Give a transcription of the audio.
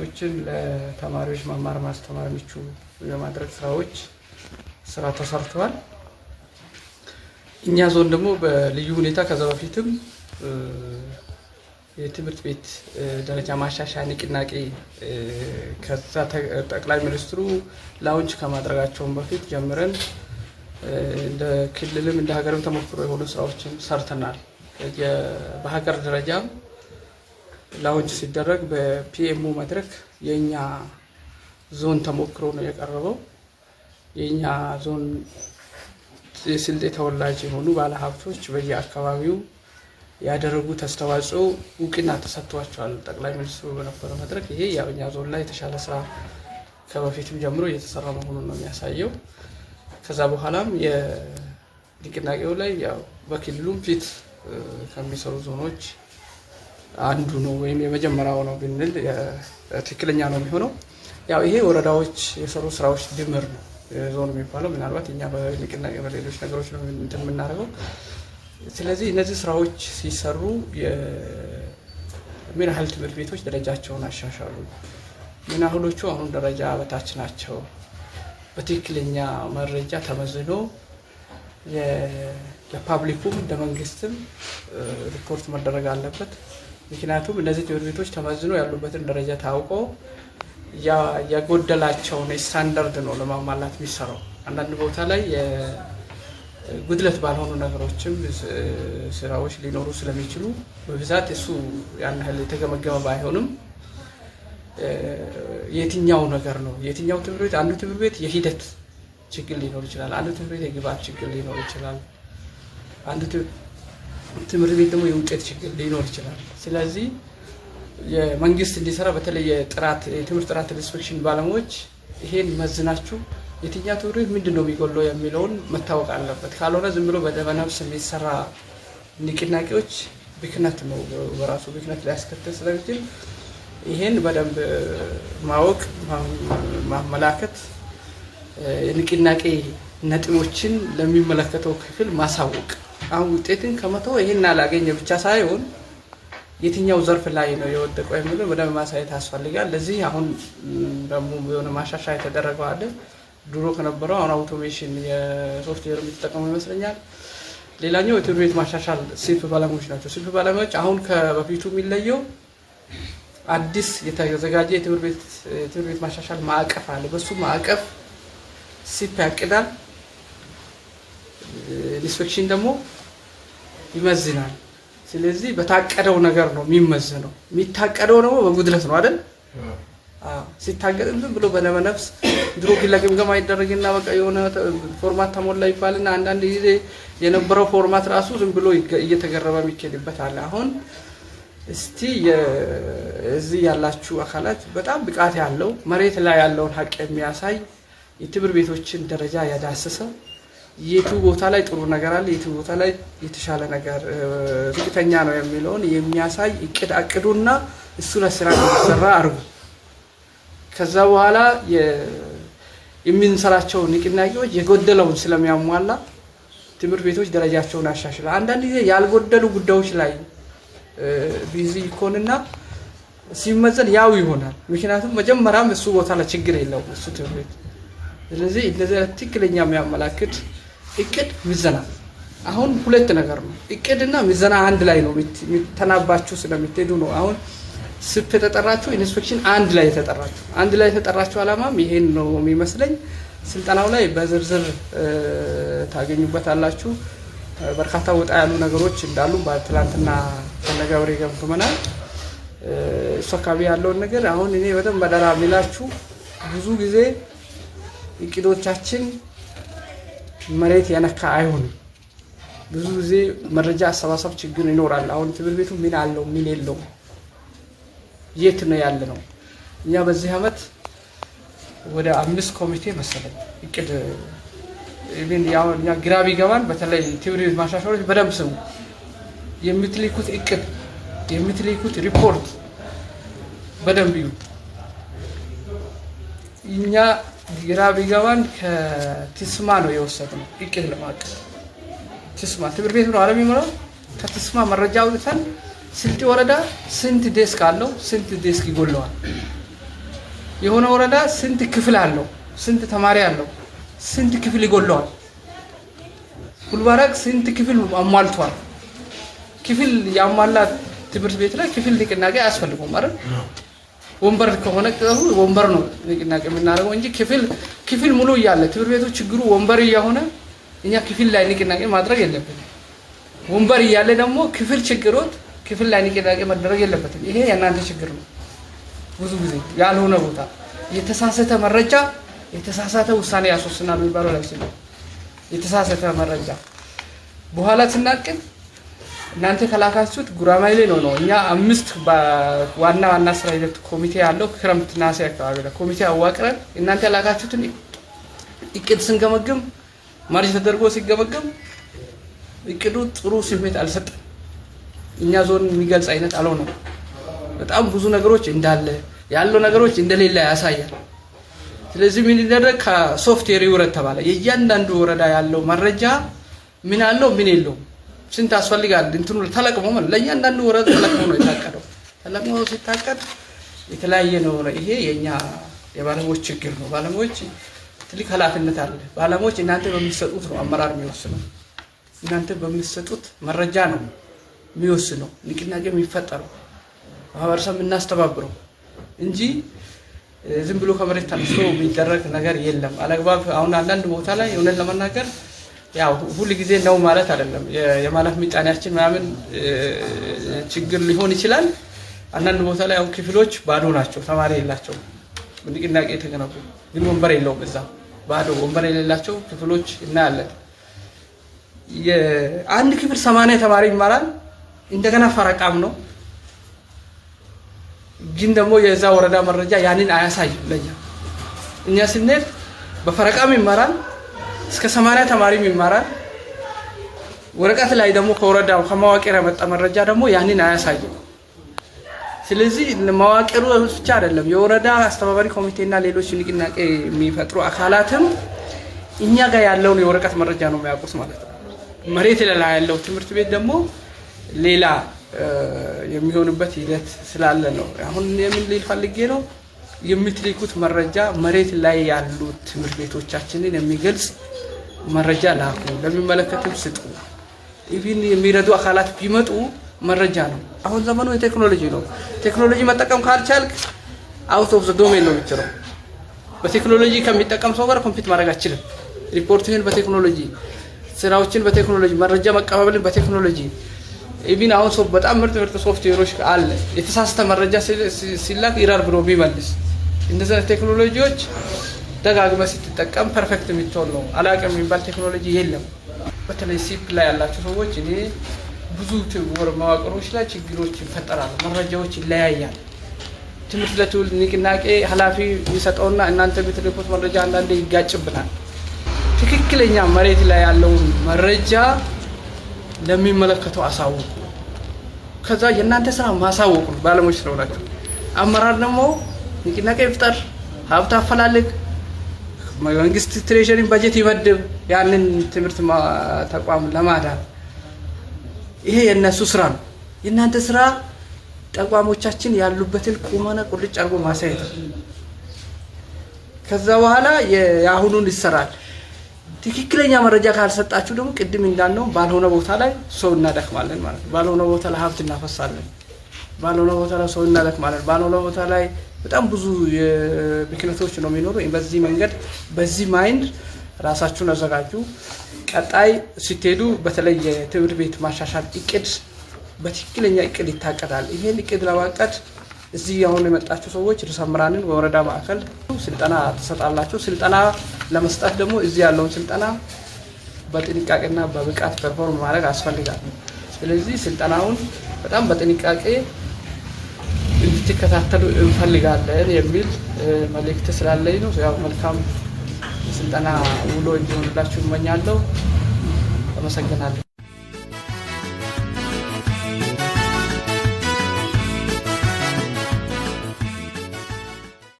ዩኒቨርሲቲዎችን ለተማሪዎች መማር ማስተማር ምቹ የማድረግ ስራዎች ስራ ተሰርተዋል። እኛ ዞን ደግሞ በልዩ ሁኔታ ከዛ በፊትም የትምህርት ቤት ደረጃ ማሻሻያ ንቅናቄ ከዛ ጠቅላይ ሚኒስትሩ ላውንች ከማድረጋቸውን በፊት ጀምረን እንደ ክልልም እንደ ሀገርም ተሞክሮ የሆኑ ስራዎችን ሰርተናል። በሀገር ደረጃ ላውንች ሲደረግ በፒኤምኦ መድረክ የእኛ ዞን ተሞክሮ ነው የቀረበው። የእኛ ዞን የስልጤ ተወላጅ የሆኑ ባለሀብቶች በየአካባቢው ያደረጉት አስተዋጽኦ እውቅና ተሰጥቷቸዋል። ጠቅላይ ሚኒስትሩ በነበረ መድረክ ይሄ የእኛ ዞን ላይ የተሻለ ስራ ከበፊትም ጀምሮ እየተሰራ መሆኑን ነው የሚያሳየው። ከዛ በኋላም የንቅናቄው ላይ ያው በክልሉም ፊት ከሚሰሩ ዞኖች አንዱ ነው ወይም የመጀመሪያው ነው ብንል ትክክለኛ ነው የሚሆነው። ያው ይሄ ወረዳዎች የሰሩ ስራዎች ድምር ነው ዞን የሚባለው። ምናልባት እኛ በንቅና በሌሎች ነገሮች ነው እንትን የምናደርገው። ስለዚህ እነዚህ ስራዎች ሲሰሩ ምን ያህል ትምህርት ቤቶች ደረጃቸውን አሻሻሉ፣ ምን ያህሎቹ አሁን ደረጃ በታች ናቸው፣ በትክክለኛ መረጃ ተመዝኖ ለፓብሊኩም ለመንግስትም ሪፖርት መደረግ አለበት። ምክንያቱም እነዚህ ትምህርት ቤቶች ተመዝኖ ያሉበትን ደረጃ ታውቆ ያጎደላቸውን ስታንዳርድ ነው ለማሟላት የሚሰራው። አንዳንድ ቦታ ላይ ጉድለት ባልሆኑ ነገሮችም ስራዎች ሊኖሩ ስለሚችሉ በብዛት እሱ ያን ያህል የተገመገመ ባይሆንም የትኛው ነገር ነው የትኛው ትምህርት ቤት አንዱ ትምህርት ቤት የሂደት ችግር ሊኖር ይችላል። አንዱ ትምህርት ቤት የግብዓት ችግር ሊኖር ይችላል። አንዱ ትምህርት ቤት ደግሞ የውጤት ችግር ሊኖር ይችላል። ስለዚህ የመንግስት እንዲሰራ በተለይ የጥራት የትምህርት ጥራት ኢንስፔክሽን ባለሙያዎች ይሄን መዝናችሁ የትኛ ትምህርት ቤት ምንድን ነው የሚጎለው የሚለውን መታወቅ አለበት። ካልሆነ ዝም ብሎ በደመነፍስ የሚሰራ ንቅናቄዎች ብክነት ነው በራሱ ብክነት ሊያስከትል ስለሚችል ይሄን በደንብ ማወቅ ማመላከት፣ ንቅናቄ ነጥቦችን ለሚመለከተው ክፍል ማሳወቅ አሁን ውጤትን ከመቶ ይህን አላገኘ ብቻ ሳይሆን የትኛው ዘርፍ ላይ ነው የወደቀው የሚለው በደንብ ማሳየት ያስፈልጋል። ለዚህ አሁን ደግሞ የሆነ ማሻሻያ የተደረገው አለ። ድሮ ከነበረው አሁን አውቶሜሽን የሶፍትዌር የሚጠቀሙ ይመስለኛል። ሌላኛው የትምህርት ቤት ማሻሻል ሴፍ ባለሙያዎች ናቸው። ሴፍ ባለሙያዎች አሁን ከበፊቱ የሚለየው አዲስ የተዘጋጀ የትምህርት ቤት ማሻሻል ማዕቀፍ አለ። በሱ ማዕቀፍ ሲፕ ያቅዳል። ኢንስፔክሽን ደግሞ ይመዝናል። ስለዚህ በታቀደው ነገር ነው የሚመዝነው። የሚታቀደው ደግሞ በጉድለት ነው አይደል? ሲታገጥም ዝም ብሎ በለመነፍስ ድሮ ግን አይደረግና ይደረግና በቃ የሆነ ፎርማት ተሞላ ይባልና አንዳንድ ጊዜ የነበረው ፎርማት ራሱ ዝም ብሎ እየተገረበ የሚኬድበት አለ። አሁን እስቲ እዚህ ያላችሁ አካላት በጣም ብቃት ያለው መሬት ላይ ያለውን ሀቅ የሚያሳይ የትምህርት ቤቶችን ደረጃ ያዳሰሰ የቱ ቦታ ላይ ጥሩ ነገር አለ፣ የቱ ቦታ ላይ የተሻለ ነገር ዝቅተኛ ነው የሚለውን የሚያሳይ እቅድ አቅዱና እሱ ለስራ እንዲሰራ አርጉ። ከዛ በኋላ የምንሰራቸው ንቅናቄዎች የጎደለውን ስለሚያሟላ ትምህርት ቤቶች ደረጃቸውን አሻሽላል። አንዳንድ ጊዜ ያልጎደሉ ጉዳዮች ላይ ቢዚ ይኮንና ሲመዘን ያው ይሆናል። ምክንያቱም መጀመሪያም እሱ ቦታ ላይ ችግር የለውም እሱ ትምህርት ቤት። ስለዚህ እነዚህ ትክክለኛ የሚያመላክት እቅድ ምዘና አሁን ሁለት ነገር ነው። እቅድና ምዘና አንድ ላይ ነው ተናባችሁ ስለምትሄዱ ነው። አሁን ስፕ የተጠራችሁ ኢንስፔክሽን አንድ ላይ የተጠራችሁ አንድ ላይ የተጠራችሁ አላማም ይሄን ነው የሚመስለኝ። ስልጠናው ላይ በዝርዝር ታገኙበታላችሁ። በርካታ ወጣ ያሉ ነገሮች እንዳሉ በትላንትና ከነገ ወዲያ ገምግመናል። እሱ አካባቢ ያለውን ነገር አሁን እኔ በደንብ አደራ የሚላችሁ ብዙ ጊዜ እቅዶቻችን መሬት የነካ አይሆንም። ብዙ ጊዜ መረጃ አሰባሰብ ችግር ይኖራል። አሁን ትምህርት ቤቱ ምን አለው ምን የለው የት ነው ያለ ነው። እኛ በዚህ አመት ወደ አምስት ኮሚቴ መሰለኝ እቅድ ግራ ቢገባን፣ በተለይ ትምህርት ቤት ማሻሻሎች በደንብ ስሙ። የምትልኩት እቅድ የምትልኩት ሪፖርት በደንብ እዩ እኛ ግራ ቢገባን ከቲስማ ነው የወሰድነው። እቅድ ለማቅ ቲስማ ትምህርት ቤት ነው አለም ይመራው። ከቲስማ መረጃ አውጥተን ስልጤ ወረዳ ስንት ዴስክ አለው፣ ስንት ዴስክ ይጎለዋል፣ የሆነ ወረዳ ስንት ክፍል አለው፣ ስንት ተማሪ አለው፣ ስንት ክፍል ይጎለዋል፣ ጉልባራቅ ስንት ክፍል አሟልቷል። ክፍል ያሟላ ትምህርት ቤት ላይ ክፍል ንቅናቄ አያስፈልገውም አይደል? ወንበር ከሆነ ቅጠሩ ወንበር ነው ንቅናቄ የምናደርገው እንጂ ክፍል ክፍል ሙሉ እያለ ትምህርት ቤቱ ችግሩ ወንበር እያሆነ እኛ ክፍል ላይ ንቅናቄ ማድረግ የለብንም። ወንበር እያለ ደግሞ ክፍል ችግሮት ክፍል ላይ ንቅናቄ መደረግ የለበትም። ይሄ የእናንተ ችግር ነው። ብዙ ጊዜ ያልሆነ ቦታ የተሳሰተ መረጃ የተሳሳተ ውሳኔ ያስወስናል የሚባለው ላይ የተሳሳተ መረጃ በኋላ ስናቅድ እናንተ ከላካችሁት ጉራማይሌ ነው ነው። እኛ አምስት ዋና ዋና ስራ ሂደት ኮሚቴ ያለው ክረምት ናሴ አካባቢ ላይ ኮሚቴ አዋቅረን እናንተ ያላካችሁትን እቅድ ስንገመግም ማርጅ ተደርጎ ሲገመግም እቅዱ ጥሩ ስሜት አልሰጠም። እኛ ዞን የሚገልጽ አይነት ነው። በጣም ብዙ ነገሮች እንዳለ ያለው ነገሮች እንደሌለ ያሳያል። ስለዚህ ምን ይደረግ ከሶፍትዌር ይውረድ ተባለ። የእያንዳንዱ ወረዳ ያለው መረጃ ምን አለው ምን የለውም ስንት ያስፈልጋል እንትኑ ተለቅሞ ለእያንዳንዱ ወረዳ ተለቅሞ ነው የታቀደው። ተለቅሞ ሲታቀድ የተለያየ ነው። ይሄ የእኛ የባለሙያዎች ችግር ነው። ባለሙያዎች ትልቅ ኃላፊነት አለ። ባለሙያዎች እናንተ በሚሰጡት ነው አመራር የሚወስነው። እናንተ በሚሰጡት መረጃ ነው የሚወስነው ንቅናቄ የሚፈጠረው ማህበረሰብ የምናስተባብረው እንጂ ዝም ብሎ ከመሬት ተነስቶ የሚደረግ ነገር የለም። አለግባብ አሁን አንዳንድ ቦታ ላይ የሆነን ለመናገር ያው ሁል ጊዜ ነው ማለት አይደለም። የማለፍ ምጣኔያችን ምናምን ችግር ሊሆን ይችላል። አንዳንድ ቦታ ላይ አሁን ክፍሎች ባዶ ናቸው፣ ተማሪ የላቸውም። ንቅናቄ የተገነቡ ግን ወንበር የለውም። እዛ ባዶ ወንበር የሌላቸው ክፍሎች እናያለን። አንድ ክፍል ሰማንያ ተማሪ ይማራል። እንደገና ፈረቃም ነው። ግን ደግሞ የዛ ወረዳ መረጃ ያንን አያሳይም ለኛ። እኛ ስንሄድ በፈረቃም ይማራል እስከ 80 ተማሪም ይማራል። ወረቀት ላይ ደግሞ ከወረዳው ከመዋቅር የመጣ መረጃ ደግሞ ያንን አያሳይም። ስለዚህ መዋቅሩ ብቻ አይደለም፣ የወረዳ አስተባባሪ ኮሚቴና ሌሎች ንቅናቄ የሚፈጥሩ አካላትም እኛ ጋር ያለውን የወረቀት መረጃ ነው የሚያውቁት ማለት ነው። መሬት ላይ ያለው ትምህርት ቤት ደግሞ ሌላ የሚሆንበት ሂደት ስላለ ነው። አሁን የምን ልል ፈልጌ ነው፣ የምትልኩት መረጃ መሬት ላይ ያሉ ትምህርት ቤቶቻችንን የሚገልጽ መረጃ ላኩ፣ ለሚመለከትም ስጡ። ኢቪን የሚረዱ አካላት ቢመጡ መረጃ ነው። አሁን ዘመኑ የቴክኖሎጂ ነው። ቴክኖሎጂ መጠቀም ካልቻልክ አውት ኦፍ ዘ ዶሜን ነው የሚችለው። በቴክኖሎጂ ከሚጠቀም ሰው ጋር ኮምፒት ማድረግ አችልም። ሪፖርትህን በቴክኖሎጂ ስራዎችን በቴክኖሎጂ መረጃ መቀባበልን በቴክኖሎጂ ኢቪን አሁን ሰው በጣም ምርጥ ምርጥ ሶፍትዌሮች አለ። የተሳሳተ መረጃ ሲላክ ይራር ብሎ ቢመልስ እንደዚህ ቴክኖሎጂዎች ደጋግመ ስትጠቀም ፐርፌክት የሚትሆን ነው። አላቅ የሚባል ቴክኖሎጂ የለም። በተለይ ሲፕ ላይ ያላቸው ሰዎች እኔ ብዙ ትውር መዋቅሮች ላይ ችግሮች ይፈጠራሉ፣ መረጃዎች ይለያያል። ትምህርት ለትውልድ ንቅናቄ ኃላፊ የሚሰጠውና እናንተ የምትልኩት መረጃ አንዳንዴ ይጋጭብናል። ትክክለኛ መሬት ላይ ያለውን መረጃ ለሚመለከተው አሳውቁ። ከዛ የእናንተ ስራ ማሳወቁ ባለሙያዎች ስለሆናቸው፣ አመራር ደግሞ ንቅናቄ ይፍጠር፣ ሀብት አፈላልግ መንግስት ትሬሸሪን በጀት ይመድብ ያንን ትምህርት ተቋም ለማዳን። ይሄ የእነሱ ስራ ነው። የእናንተ ስራ ተቋሞቻችን ያሉበትን ቁመና ቁልጭ አድርጎ ማሳየት ነው። ከዛ በኋላ የአሁኑን ይሰራል። ትክክለኛ መረጃ ካልሰጣችሁ ደግሞ ቅድም እንዳልነው ባልሆነ ቦታ ላይ ሰው እናደክማለን ማለት ነው። ባልሆነ ቦታ ላይ ሀብት እናፈሳለን። ባልሆነ ቦታ ላይ ሰው እናደክማለን። ባልሆነ ቦታ ላይ በጣም ብዙ ብክነቶች ነው የሚኖሩ። በዚህ መንገድ በዚህ ማይንድ ራሳችሁን አዘጋጁ። ቀጣይ ስትሄዱ በተለይ የትምህርት ቤት ማሻሻል እቅድ በትክክለኛ እቅድ ይታቀዳል። ይሄን እቅድ ለማቀድ እዚህ አሁን የመጣችሁ ሰዎች ርዕሰ መምህራንን በወረዳ ማዕከል ስልጠና ትሰጣላችሁ። ስልጠና ለመስጠት ደግሞ እዚህ ያለውን ስልጠና በጥንቃቄና በብቃት ፐርፎርም ማድረግ አስፈልጋል። ስለዚህ ስልጠናውን በጣም በጥንቃቄ እንድትከታተሉ እንፈልጋለን የሚል መልእክት ስላለኝ ነው። ያው መልካም ስልጠና ውሎ እንዲሆንላችሁ እመኛለሁ። አመሰግናለሁ።